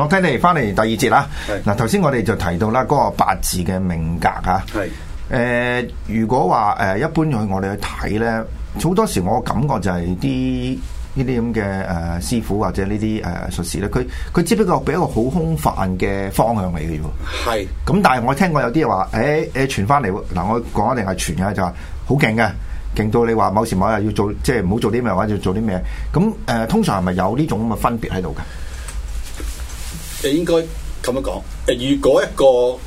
我聽你翻嚟第二節啦。嗱是，頭先我哋就提到啦，嗰個八字嘅命格啊。係是，誒、呃，如果話誒、呃，一般我去我哋去睇咧，好多時我感覺就係啲呢啲咁嘅誒師傅或者、呃、術呢啲誒術士咧，佢佢只不過俾一個好空泛嘅方向嚟嘅係。咁是、嗯、但係我聽過有啲話，誒誒傳翻嚟，嗱、呃呃、我講一定係傳啊，就話好勁嘅，勁到你話某時某日要做，即係唔好做啲咩或者要做啲咩。咁誒、呃，通常係咪有呢種咁嘅分別喺度嘅？你應該咁樣講，誒、呃，如果一個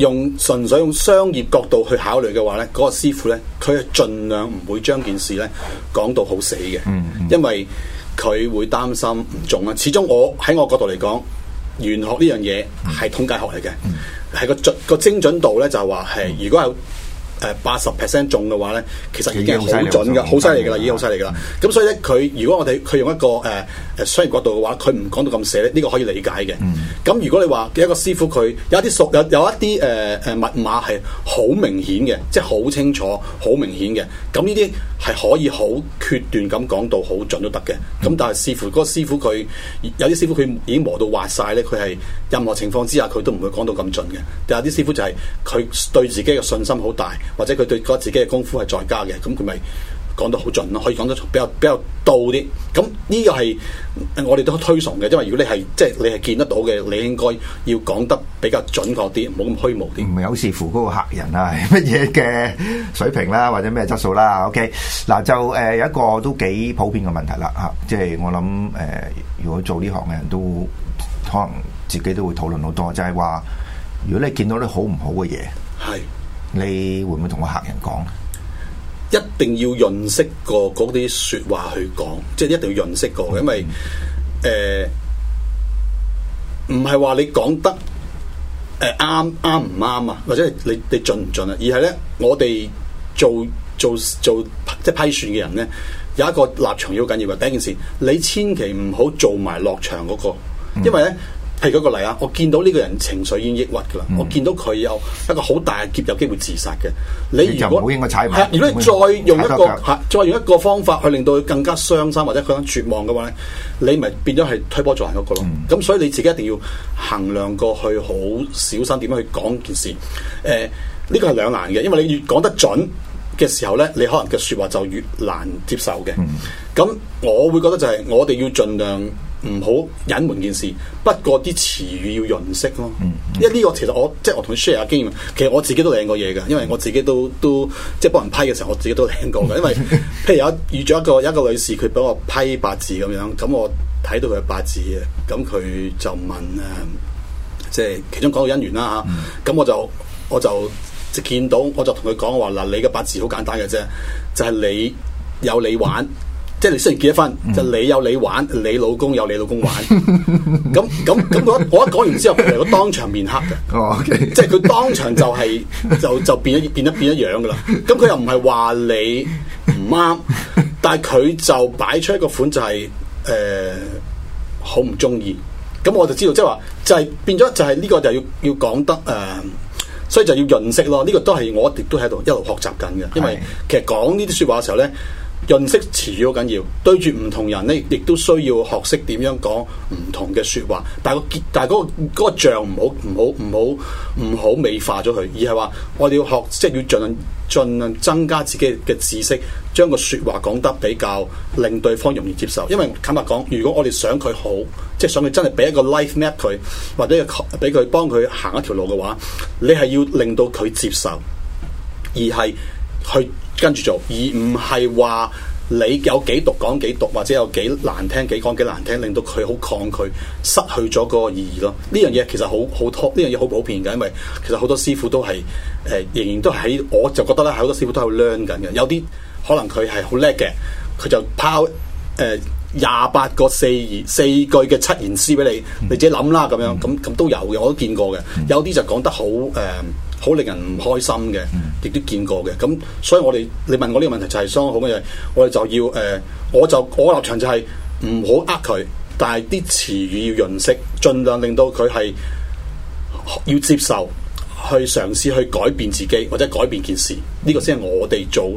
用純粹用商業角度去考慮嘅話咧，嗰、那個師傅咧，佢係盡量唔會將件事咧講到好死嘅，因為佢會擔心唔中啊。始終我喺我角度嚟講，玄學呢樣嘢係統計學嚟嘅，係、嗯、個準個精準度咧就係話係如果係。誒八十 percent 中嘅話咧，其實已經好準噶，好犀利噶啦，已經好犀利噶啦。咁所以咧，佢如果我哋佢用一個誒誒商業角度嘅話，佢唔講到咁寫，呢、這個可以理解嘅。咁、嗯、如果你話一個師傅佢有一啲熟有有，有一啲誒誒密碼係好明顯嘅，即係好清楚、好明顯嘅，咁呢啲係可以好決斷咁講到好準都得嘅。咁、嗯、但係視乎嗰個師傅佢有啲師傅佢已經磨到滑晒咧，佢係任何情況之下佢都唔會講到咁準嘅。但有啲師傅就係佢對自己嘅信心好大。或者佢對自己嘅功夫係在家嘅，咁佢咪講得好準咯，可以講得比較比較到啲。咁呢個係我哋都推崇嘅，因為如果你係即係你係見得到嘅，你應該要講得比較準確啲，唔好咁虛無啲。唔係有視乎嗰個客人啊，係乜嘢嘅水平啦、啊，或者咩質素啦、啊。OK，嗱就誒、呃、有一個都幾普遍嘅問題啦，嚇、啊，即、就、係、是、我諗誒、呃，如果做呢行嘅人都可能自己都會討論好多，就係、是、話，如果你見到啲好唔好嘅嘢，係。你會唔會同個客人講？一定要潤色過嗰啲說話去講，即係一定要潤色過嘅，因為誒唔係話你講得誒啱啱唔啱啊，或者你你盡唔盡啊？而係咧，我哋做做做，做即係批算嘅人咧，有一個立場要緊要嘅。第一件事，你千祈唔好做埋落場嗰個，因為咧。嗯係嗰個例啊！我見到呢個人情緒已經抑鬱噶啦，嗯、我見到佢有一個好大嘅劫，有機會自殺嘅。你如果唔好應該踩，係啊！如果你再用一個，猜猜猜猜再用一個方法去令到佢更加傷心或者佢想絕望嘅話咧，你咪變咗係推波助瀾嗰個咯。咁、嗯、所以你自己一定要衡量過去，好小心點樣去講件事。誒、呃，呢個係兩難嘅，因為你越講得準嘅時候咧，你可能嘅説話就越難接受嘅。咁、嗯、我會覺得就係我哋要盡量。唔好隱瞞件事，不過啲詞語要潤色咯。一呢、嗯嗯、個其實我即係我同你 share 下經驗，其實我自己都領過嘢嘅，因為我自己都都即係幫人批嘅時候，我自己都領過嘅。因為譬如有遇咗一個一個女士，佢俾我批八字咁樣，咁我睇到佢嘅八字嘅，咁佢就問啊，即係其中講到姻緣啦、啊、嚇，咁、啊嗯、我就我就即係見到，我就同佢講話嗱，你嘅八字好簡單嘅啫，就係、是、你有你玩。即係你雖然結咗婚，嗯、就你有你玩，你老公有你老公玩。咁咁咁，我一講完之後，佢當場面黑嘅。 即係佢當場就係、是、就就變一變一變一樣噶啦。咁佢又唔係話你唔啱，但係佢就擺出一個款就係誒好唔中意。咁、呃、我就知道，即係話就係、是、變咗，就係、是、呢個就要要講得誒、呃，所以就要潤色咯。呢、呢個都係我亦都喺度一路學習緊嘅，因為其實講呢啲說話嘅時候咧。潤色詞語好緊要，對住唔同人呢，亦都需要學識點樣講唔同嘅說話。但係個結，但係、嗰個、嗰個像唔好唔好唔好唔好美化咗佢，而係話我哋要學，即係要盡量盡量增加自己嘅知識，將個說話講得比較令對方容易接受。因為坦白講，如果我哋想佢好，即係想佢真係俾一個 life map 佢，或者俾佢幫佢行一條路嘅話，你係要令到佢接受，而係，去跟住做，而唔係話你有幾毒講幾毒，或者有幾難聽幾講幾難聽，令到佢好抗拒，失去咗嗰個意義咯。呢樣嘢其實好好多，呢樣嘢好普遍嘅，因為其實好多師傅都係誒、呃，仍然都喺我就覺得咧，係好多師傅都係 learning 緊嘅。有啲可能佢係好叻嘅，佢就拋誒廿八個四四句嘅七言詩俾你，你自己諗啦咁樣，咁咁都有，嘅，我都見過嘅。有啲就講得好誒。呃好令人唔開心嘅，亦都見過嘅。咁所以我，我哋你問我呢個問題就係、是、相當好嘅嘢。我哋就要誒、呃，我就我立場就係唔好呃佢，但係啲詞語要潤飾，儘量令到佢係要接受，去嘗試去改變自己或者改變件事。呢、嗯、個先係我哋做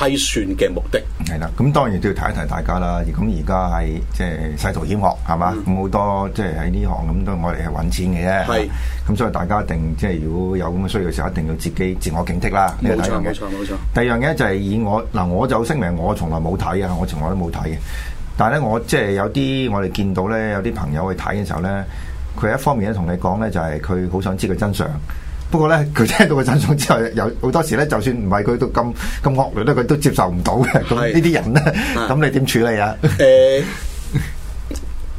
批算嘅目的係啦，咁當然都要提一提大家啦。咁而家係即係世道險惡，係嘛？好多即係喺呢行咁都，我哋係揾錢嘅啫。係咁是，所以大家一定即係如果有咁嘅需要嘅時候，一定要自己自我警惕啦。冇錯冇錯冇錯。呢個第一樣嘢。第二樣嘢就係以我嗱，我就聲明，我從來冇睇啊，我從來都冇睇嘅。但係咧、就是，我即係有啲我哋見到咧，有啲朋友去睇嘅時候咧，佢一方面咧同你講咧，就係佢好想知佢真相。不過咧，佢聽到個真相之後，有好多時咧，就算唔係佢都咁咁惡劣咧，佢都接受唔到嘅。咁呢啲人咧，咁你點處理啊？誒，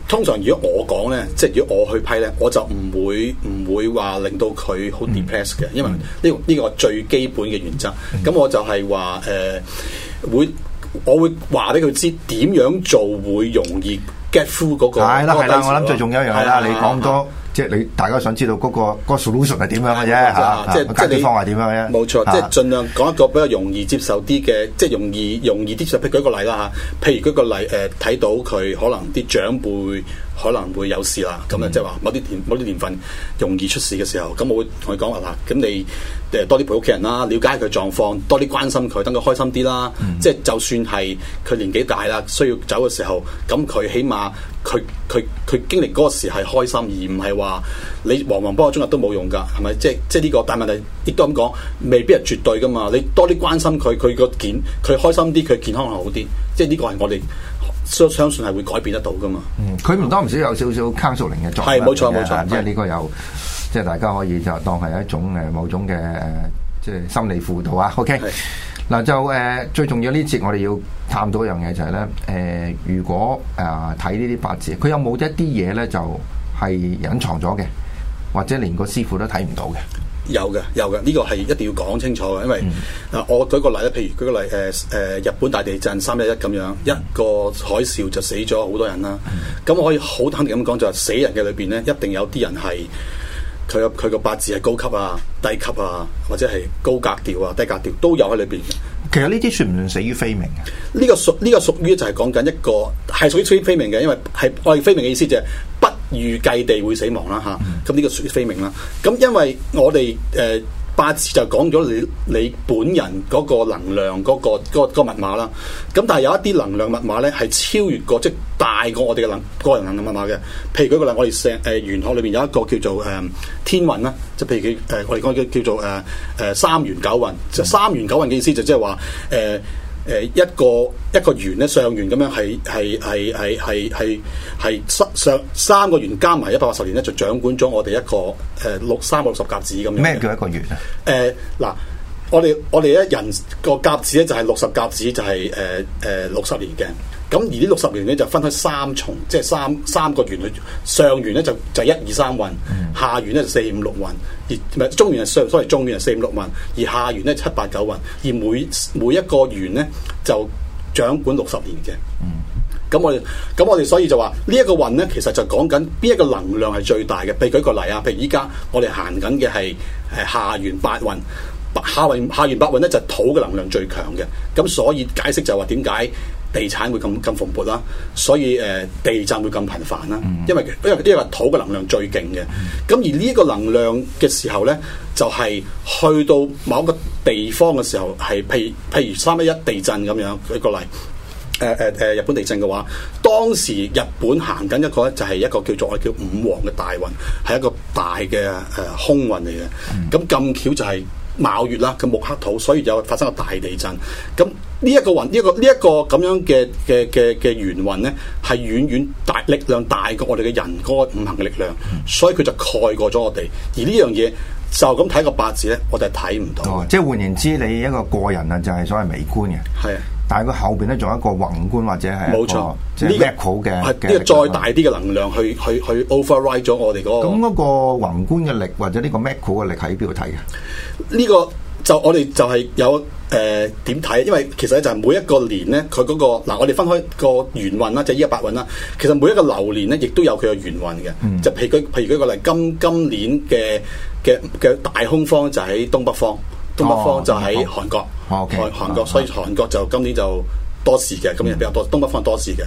通常如果我講咧，即係如果我去批咧，我就唔會唔會話令到佢好 depress 嘅，因為呢呢個最基本嘅原則。咁我就係話誒，會我會話俾佢知點樣做會容易 get through 嗰個。係啦係啦，我諗最重要一樣係啦，你講咁多。即係你大家想知道、嗰個、嗰個嗰 solution 係點樣嘅啫，錯啊、即係、啊、即係解決方係點樣嘅。冇錯錯，啊、即係盡量講一個比較容易接受啲嘅，啊、即係容易容易啲。就譬如舉個例啦吓，譬如舉個例誒，睇、呃、到佢可能啲長輩。可能會有事啦，咁啊、嗯，即係話某啲年某啲年份容易出事嘅時候，咁我會同佢講話啦。咁、啊、你誒多啲陪屋企人啦，了解佢狀況，多啲關心佢，等佢開心啲啦。嗯、即係就算係佢年紀大啦，需要走嘅時候，咁佢起碼佢佢佢經歷嗰個時係開心，而唔係話你惶惶不可終日都冇用㗎，係咪？即係即係呢個。但係問題亦都咁講，未必係絕對㗎嘛。你多啲關心佢，佢個健佢開心啲，佢健康係好啲。即係呢個係我哋。相信係會改變得到噶嘛？嗯，佢唔多唔少有少少 counseling 嘅作用，冇錯冇錯，即係呢個有，即係大家可以就當係一種誒某種嘅、呃、即係心理輔導啊。OK，嗱是就誒、呃、最重要呢節，我哋要探討一樣嘢就係、是、咧，誒、呃、如果啊睇呢啲八字，佢有冇一啲嘢咧就係、是、隱藏咗嘅，或者連個師傅都睇唔到嘅。有嘅，有嘅，呢、這個係一定要講清楚嘅，因為、嗯、啊，我舉個例啦，譬如舉個例，誒、呃、誒，日本大地震三一一咁樣，一個海嘯就死咗好多人啦。咁、嗯、我可以好肯定咁講、就是，就係死人嘅裏邊咧，一定有啲人係佢佢個八字係高級啊、低級啊，或者係高格調啊、低格調都有喺裏邊嘅。其實呢啲算唔算死於非命呢、啊、個屬呢、這個屬於就係講緊一個係屬於非命嘅，因為係愛非命嘅意思就係。不預計地會死亡啦吓。咁、啊、呢、這個屬於非命啦。咁、啊、因為我哋誒、呃、八字就講咗你你本人嗰個能量嗰、那個嗰、那個那個那個、密碼啦。咁、啊、但係有一啲能量密碼咧係超越過即係大過我哋嘅能個人能量密碼嘅。譬如嗰、那個我哋成玄學裏邊有一個叫做誒、呃、天運啦，就譬如佢誒、呃、我哋講叫做誒誒、呃、三元九運，即、就是、三元九運嘅意思就即係話誒。呃誒，一個一個元咧，上元咁樣，係係係係係係係三上三個元加埋一百八十年咧，就掌管咗我哋一個誒、呃、六三個六十甲子咁樣。咩叫一個元啊？誒嗱、呃，我哋我哋一人個甲子咧就係六十甲子，就係，就係誒誒六十年嘅。咁而呢六十年咧就分開三重，即係三三個元咧，上元咧就就一二三運，下元咧四五六運，而中元係上，所謂中元係四五六運，而下元咧七八九運，而每每一個元咧就掌管六十年嘅。咁、嗯、我哋咁我哋所以就話、這個、呢一個運咧，其實就講緊邊一個能量係最大嘅。俾舉個例啊，譬如依家我哋行緊嘅係誒下元八運，下元下元八運咧就係、土嘅能量最強嘅。咁所以解釋就話點解？地產會咁咁蓬勃啦，所以誒、呃、地震會咁頻繁啦，因為因為呢個係土嘅能量最勁嘅，咁而呢個能量嘅時候咧，就係、是、去到某一個地方嘅時候，係譬譬如三一一地震咁樣，舉一個例，誒誒誒日本地震嘅話，當時日本行緊一個咧就係、是、一個叫做我叫五黃嘅大運，係一個大嘅誒、呃、空運嚟嘅，咁咁巧就係、是。卯月啦，個木克土，所以就發生個大地震。咁、這個這個、呢一個運，呢個呢一個咁樣嘅嘅嘅嘅元運咧，係遠遠大力量大過我哋嘅人嗰、那個、五行嘅力量，所以佢就蓋過咗我哋。而呢樣嘢就咁睇個八字咧，我哋係睇唔到、哦。即係換言之，你一個個人啊，就係所謂微觀嘅。係啊。但係佢後邊咧，仲有一個宏觀或者係冇錯，呢、這個 macro 嘅，呢量、這個再大啲嘅能量去去去 override 咗我哋嗰個。咁嗰個宏觀嘅力或者呢個 macro 嘅力喺邊度睇嘅？呢個就我哋就係有誒點睇？因為其實就係每一個年咧，佢嗰、那個嗱，我哋分開一個元運啦，就依、是、一八運啦。其實每一個流年咧，亦都有佢嘅元運嘅。嗯、就譬如譬如舉個例，今年今年嘅嘅嘅大空方就喺東北方。東北方就喺韓國，韓韓國，所以韓國就今年就多事嘅，今年比較多、嗯、東北方多事嘅，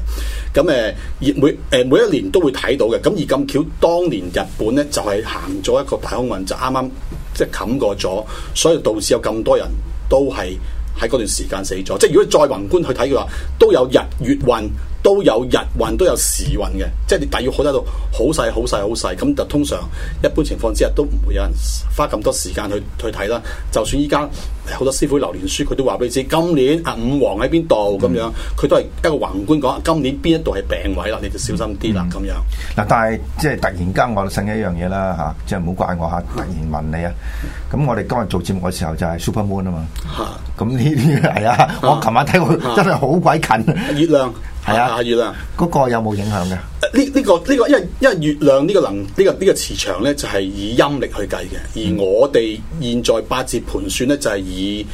咁、嗯、誒，每誒每一年都會睇到嘅，咁而咁巧，當年日本咧就係、是、行咗一個大空運，就啱啱即係冚過咗，所以導致有咁多人都係喺嗰段時間死咗，即係如果再宏觀去睇嘅話，都有日月運。都有日運都有時運嘅，即係你大約好得到好細好細好細，咁就通常一般情況之下都唔會有人花咁多時間去去睇啦。就算依家好多師傅流年書，佢都話俾你知，今年啊五黃喺邊度咁樣，佢都係一個宏觀講，今年邊一度係病位啦，你就小心啲啦咁樣。嗱、嗯，但係即係突然間我醒起一樣嘢啦嚇，即係唔好怪我嚇，突然問你啊。咁、嗯、我哋今日做節目嘅時候就係 Super Moon 啊嘛，咁呢啲係啊，我琴晚睇過哈真係好鬼近月亮。係啊，月亮嗰個有冇影響嘅？呢呢個呢個，因為因為月亮呢個能呢、這個呢、這個磁場咧，就係、是、以陰力去計嘅，而我哋現在八字盤算咧，就係、是、以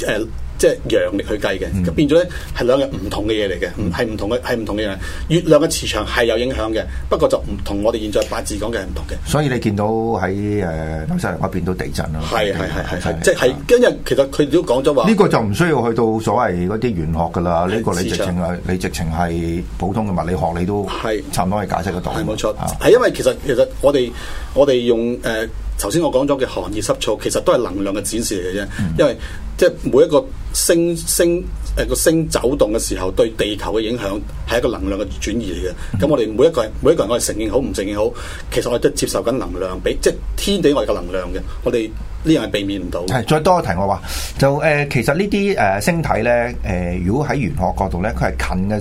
誒。呃即係陽力去計嘅，咁、嗯、變咗咧係兩樣唔同嘅嘢嚟嘅，係唔、嗯、同嘅係唔同嘅嘢。月亮嘅磁場係有影響嘅，不過就唔同我哋現在八字講嘅係唔同嘅。所以你見到喺誒南沙嗰邊都地震啦。係係係係即係今日其實佢都講咗話。呢、嗯這個就唔需要去到所謂嗰啲玄學㗎啦，呢是個你直情係場你直情係普通嘅物理學，你都差唔多係解釋得到。係冇錯，係、嗯、因為其實其實我哋我哋用誒。呃頭先我講咗嘅寒熱濕燥其實都係能量嘅展示嚟嘅啫，嗯、因為即係每一個星星誒個、呃、星走動嘅時候對地球嘅影響係一個能量嘅轉移嚟嘅。咁、嗯、我哋每一個每一個人，我哋承認好唔承認好，其實我哋都接受緊能量，俾即係天地外嘅能量嘅。我哋呢樣係避免唔到。係再多一題我話就誒、呃，其實呢啲誒星體咧誒、呃，如果喺玄學角度咧，佢係近嘅，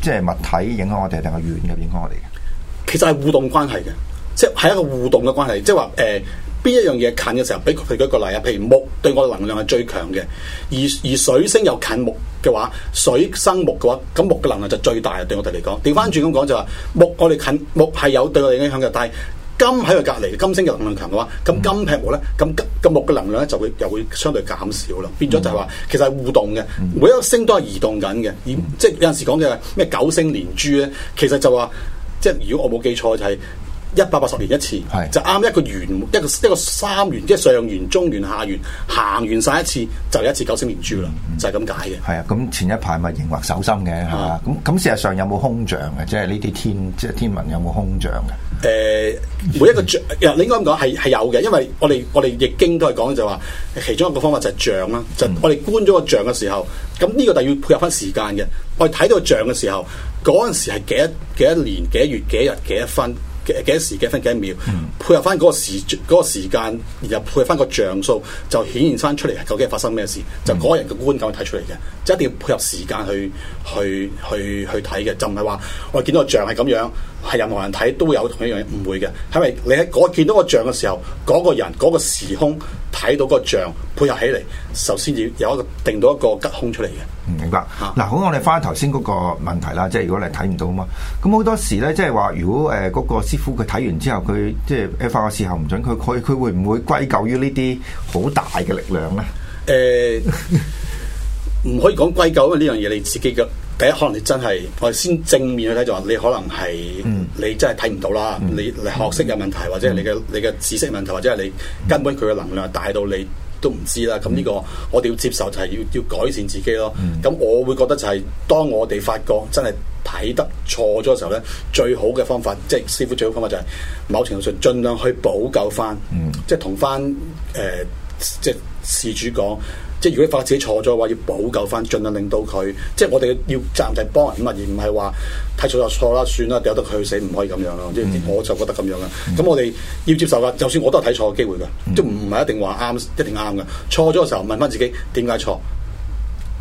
即、就、係、是、物體影響我哋定係遠嘅影響我哋？嘅？其實係互動關係嘅。即係一個互動嘅關係，即係話誒，邊、呃、一樣嘢近嘅時候，俾佢舉個例啊，譬如木對我哋能量係最強嘅，而而水星又近木嘅話，水生木嘅話，咁木嘅能量就最大啊。對我哋嚟講。調翻轉咁講就話木我，我哋近木係有對我哋影響嘅，但係金喺佢隔離，金星嘅能量強嘅話，咁金劈木咧，咁個木嘅能量咧就會又會相對減少咯，變咗就係話其實係互動嘅，每一個星都係移動緊嘅，而即係有陣時講嘅咩九星連珠咧，其實就話即係如果我冇記錯就係、是。一百八十年一次，就啱一個圓一個一個三元，即係上元、中元、下元行完晒一次就一次九星連珠啦，就係咁解嘅。係啊，咁前一排咪熒惑守心嘅吓，咁咁事實上有冇空象嘅？即係呢啲天即係天文有冇空象嘅？誒，每一個象，你應該咁講係係有嘅，因為我哋我哋易經都係講就話其中一個方法就係象啦。就我哋觀咗個象嘅時候，咁呢個就要配合翻時間嘅。我哋睇到象嘅時候，嗰陣時係幾多幾多年幾多月幾多日幾多分，幾幾多時幾分幾多秒，嗯、配合翻嗰個時嗰、嗰個時間，然後配合翻個像數，就顯現翻出嚟究竟發生咩事，就嗰人嘅觀感睇出嚟嘅，嗯、就一定要配合時間去去去去睇嘅，就唔係話我見到個像係咁樣，係任何人睇都有同一樣嘢唔會嘅，係咪、嗰個？你喺嗰見到個像嘅時候，嗰、嗰個人嗰、嗰個時空。睇到個象配合起嚟，首先至有一個定到一個吉凶出嚟嘅。明白。嗱，好，我哋翻頭先嗰個問題啦，即係如果你睇唔到啊嘛，咁好多時咧，即係話如果誒嗰、呃嗰個師傅佢睇完之後，佢即係發個時候唔準，佢佢佢會唔會歸咎於呢啲好大嘅力量咧？誒、欸，唔 可以講歸咎，因為呢樣嘢你自己嘅。第一可能你真係，我哋先正面去睇就話、是、你可能係、嗯、你真係睇唔到啦，嗯、你你學識嘅問題、嗯、或者係你嘅你嘅知識問題，或者係你根本佢嘅能量大到你都唔知啦，咁呢、嗯、個我哋要接受就係要要改善自己咯。咁、嗯、我會覺得就係、是、當我哋發覺真係睇得錯咗嘅時候咧，最好嘅方法即係師傅最好方法就係某程度上盡量去補救翻、嗯呃，即係同翻誒即係事主講。即係如果發覺自己錯咗嘅話，要補救翻，盡量令到佢。即係我哋要責任就係幫人啊，而唔係話睇錯就錯啦，算啦，由得佢去死，唔可以咁樣咯。嗯、我就覺得咁樣啦。咁、嗯、我哋要接受噶，就算我都係睇錯嘅機會噶，都唔係一定話啱，一定啱嘅。錯咗嘅時候問翻自己點解錯，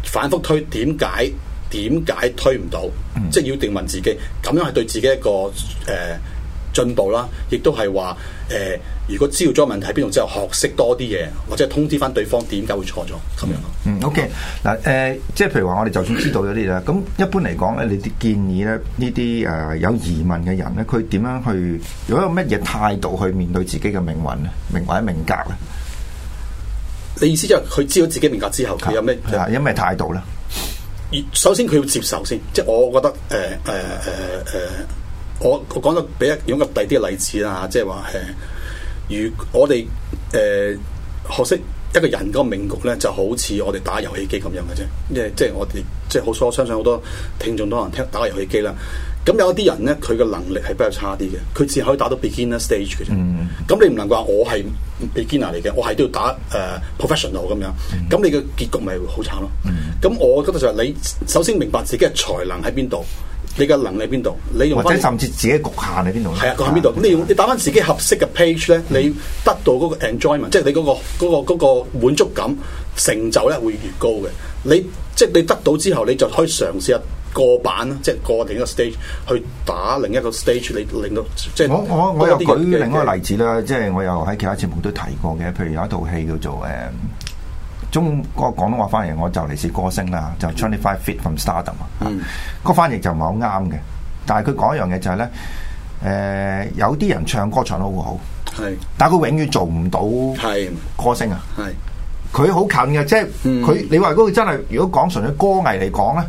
反覆推點解，點解推唔到，即係、嗯、要定問自己，咁樣係對自己一個誒。呃進步啦，亦都係話誒，如果知道咗問題喺邊度之後，學識多啲嘢，或者通知翻對方點解會錯咗咁樣咯。嗯、啊，OK，嗱誒、啊呃，即係譬如話，我哋就算知道咗啲啦，咁一般嚟講咧，你啲建議咧呢啲誒有疑問嘅人咧，佢點樣去如果用乜嘢態度去面對自己嘅命運啊、明或者命格咧？你意思就係佢知道自己命格之後，佢有咩？係啊，有咩態度咧？首先佢要接受先，即係我覺得誒誒誒誒。呃呃呃呃呃我我講得比一用個第啲嘅例子啦，即係話誒，如我哋誒、呃、學識一個人嗰個命局咧，就好似我哋打遊戲機咁樣嘅啫。即係即係我哋即係好我相信好多聽眾都可能聽打遊戲機啦。咁有一啲人咧，佢嘅能力係比較差啲嘅，佢只可以打到 stage、mm hmm. beginner stage 嘅啫。咁你唔能夠話我係 beginner 嚟嘅，我係都要打誒、uh, professional 咁樣。咁你嘅結局咪好慘咯。咁、mm hmm. 我覺得就係你首先明白自己嘅才能喺邊度。你嘅能力喺邊度？你用或者甚至自己局限喺邊度咧？係啊，局限邊度？咁你用你打返自己合適嘅 page 咧，你得到嗰個 enjoyment，嗯、即係你嗰、嗰個嗰、嗰個嗰個滿足感成就咧，會越高嘅。你即係你得到之後，你就可以嘗試下過版，即係過定一個 stage 去打另一個 stage，你令到即係。我我我又舉另一個例子啦，即係我又喺其他節目都提過嘅，譬如有一套戲叫做誒。呃中、那個廣東話翻譯，我就嚟似歌星啦，就 twenty、是、five feet from stardom 啊、嗯！個翻譯就唔係好啱嘅，但係佢講一樣嘢就係、是、咧，誒、呃、有啲人唱歌唱得好好，係是，但係佢永遠做唔到歌星啊！係，佢好近嘅，即係佢、嗯。你話如果佢真係如果講純粹歌藝嚟講咧，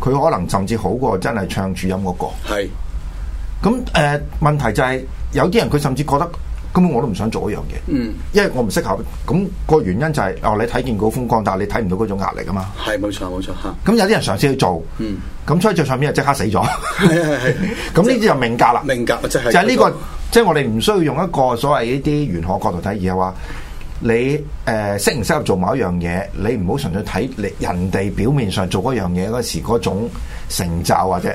佢可能甚至好過真係唱主音嗰、那個。咁誒是、呃、問題就係、是、有啲人佢甚至覺得。根本我都唔想做一樣嘢，嗯，因為我唔適合。咁、那個原因就係、是，哦，你睇見嗰個風光，但係你睇唔到嗰種壓力噶嘛。係冇錯冇錯吓。咁有啲人嘗試去做，嗯，咁以咗上面就，上 就即刻死咗。咁呢啲就命格啦。命格即係就係呢個，即、就、係、是、我哋唔需要用一個所謂呢啲玄學角度睇，而係話你誒適唔適合做某一樣嘢？你唔好純粹睇你人哋表面上做嗰樣嘢嗰時嗰種成就或者。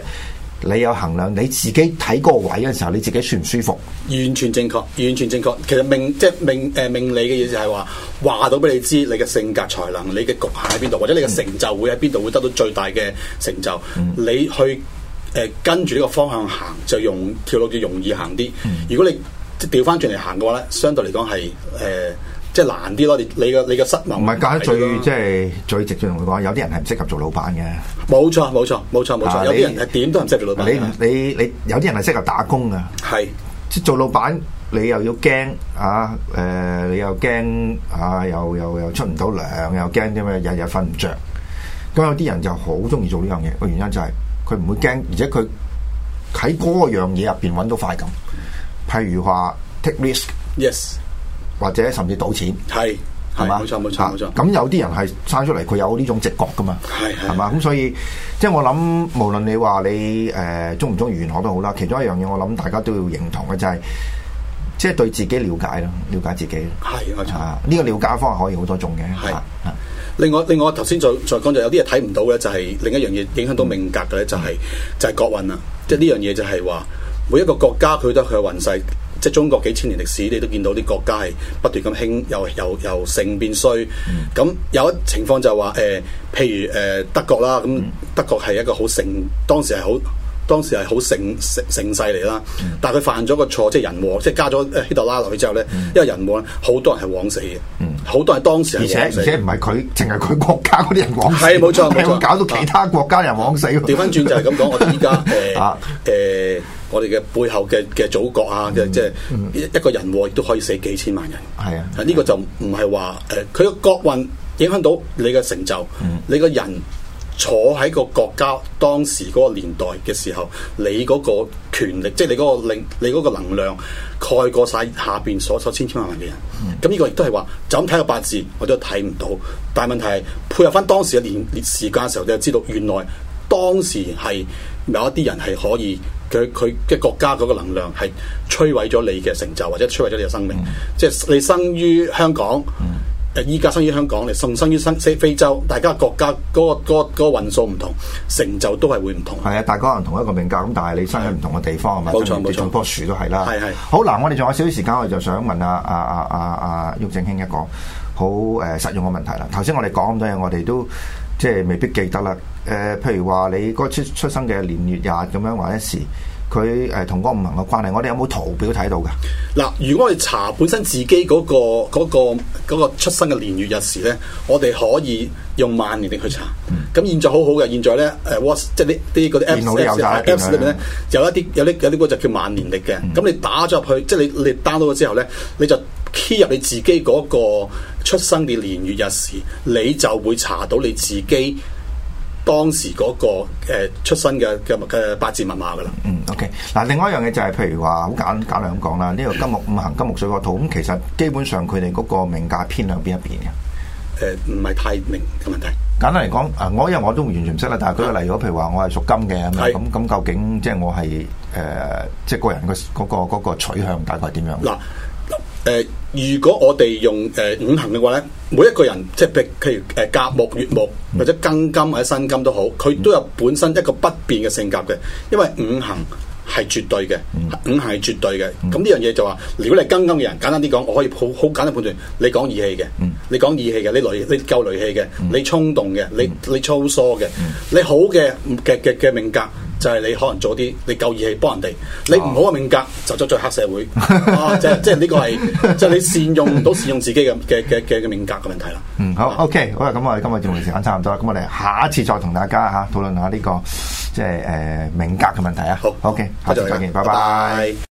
你有衡量你自己睇個位嘅時候，你自己舒唔舒服？完全正確，完全正確。其實命即係命誒、呃、命理嘅意思係話話到俾你知，你嘅性格才能、你嘅局限喺邊度，或者你嘅成就會喺邊度，嗯、會得到最大嘅成就。嗯、你去誒、呃、跟住呢個方向行，就用跳路叫容易行啲。嗯、如果你調翻轉嚟行嘅話咧，相對嚟講係誒。呃即係難啲咯，你你個、就是、你個失能唔係教得最即係最直接同你講，有啲人係唔適合做老闆嘅。冇錯冇錯冇錯冇錯，錯錯啊、有啲人係點都唔適合做老闆你。你你你有啲人係適合打工㗎。係。即做老闆，你又要驚啊！誒、呃，你又驚啊！又又又，又出唔到糧，又驚啲咩？日日瞓唔着。咁有啲人就好中意做呢樣嘢，個原因就係佢唔會驚，而且佢喺嗰樣嘢入邊揾到快感。譬如話 take risk，yes。或者甚至賭錢，係係嘛，冇錯冇錯冇錯。咁有啲人係生出嚟，佢有呢種直覺噶嘛，係係嘛。咁所以，即係我諗，無論你話你誒中唔中意玄學都好啦。其中一樣嘢，我諗大家都要認同嘅就係，即係對自己了解咯，了解自己咯。係，冇錯。呢個了解方法可以好多種嘅。係另外另外，我頭先再再講就，有啲嘢睇唔到嘅就係另一樣嘢，影響到命格嘅咧，就係就係國運啊。即係呢樣嘢就係話，每一個國家佢都佢嘅運勢。即係中國幾千年歷史，你都見到啲國家係不斷咁興，又由又盛變衰。咁、嗯、有一情況就話誒、呃，譬如誒、呃、德國啦，咁、嗯、德國係一個好盛，當時係好，當時係好盛盛勢嚟啦。但係佢犯咗個錯，即係人和，即係加咗希特拉落去之後咧，嗯、因為人和好多人係枉死嘅，好、嗯、多係當時枉死而且而且唔係佢，淨係佢國家嗰啲人枉死，冇、嗯、錯，搞錯到其他國家人枉死。調翻轉就係咁講，我哋依家誒誒。我哋嘅背後嘅嘅祖國啊，嘅、嗯、即係一一個人禍，亦都可以死幾千萬人。係啊、嗯，呢個就唔係話誒，佢、呃、個國運影響到你嘅成就。嗯、你個人坐喺個國家當時嗰個年代嘅時候，你嗰個權力，即係你嗰個領，你嗰個能量蓋過晒下邊所所千千萬萬嘅人。咁呢、嗯、個亦都係話，就咁睇個八字我都睇唔到。但係問題係配合翻當時嘅年時間嘅時候，你就知道原來當時係。有一啲人係可以，佢佢即係國家嗰個能量係摧毀咗你嘅成就，或者摧毀咗你嘅生命。嗯、即係你生於香港，依家、嗯、生於香港，你生生於非洲，大家國家嗰、嗰個嗰、嗰個嗰個運數唔同，成就都係會唔同。係啊，大家可能同一個命格，咁但係你生喺唔同嘅地方，咁冇錯，棵樹都係啦。係係。好嗱，我哋仲有少少時間，我哋就想問下阿阿阿阿毓証卿一個好誒實用嘅問題啦。頭先我哋講咁多嘢，我哋都。即係未必記得啦。誒、呃，譬如話你嗰出出生嘅年月日咁樣或一時，佢誒、呃、同嗰五行嘅關係，我哋有冇圖表睇到嘅？嗱，如果我哋查本身自己嗰、那個嗰、那個那個那個、出生嘅年月日時咧，我哋可以用萬年曆去查。咁、嗯、現在好好嘅，現在咧誒 WhatsApp 即係、就是、呢啲嗰啲 Apps 裏面咧有一啲有啲有啲就叫萬年曆嘅。咁、嗯、你打咗入去，即係你你 download 咗之後咧，你就。輸入你自己嗰個出生嘅年月日時，你就會查到你自己當時嗰個誒出生嘅嘅嘅八字密碼噶啦。嗯，OK。嗱，另外一樣嘢就係、是，譬如話好簡簡兩咁講啦。呢、這個金木五行、金木水火土，咁其實基本上佢哋嗰個命格偏向邊一邊嘅。誒、呃，唔係太明嘅問題。簡單嚟講，啊，我因為我都完全唔識啦。但係舉個例，如果譬如話我係屬金嘅咁，咁咁是究竟即係我係誒，即係、呃、個人、那個嗰個、那個取向大概係點樣？嗱。誒、呃，如果我哋用誒、呃、五行嘅話咧，每一個人即係譬如誒、呃、甲木、乙木或者庚金或者辛金都好，佢都有本身一個不變嘅性格嘅，因為五行係絕對嘅，嗯、五行係絕對嘅。咁呢、嗯、樣嘢就話，如果你係庚金嘅人，簡單啲講，我可以好好簡單判斷，你講義氣嘅，嗯、你講義氣嘅，你雷你夠雷氣嘅，你衝動嘅，你你粗疏嘅，你，你，、嗯、你好嘅嘅嘅嘅命格。就係你可能做啲你夠義氣幫人哋，你唔好嘅命格、哦、就再再黑社會， 啊、就係、是、即係呢個係就係、是、你善用唔到善用自己嘅嘅嘅嘅命格嘅問題啦。嗯，好嗯，OK，好啊，咁我哋今日節目時間差唔多啦，咁我哋下一次再同大家嚇討論下呢個即係誒命格嘅問題啊。好，OK，下次再見，拜拜。拜拜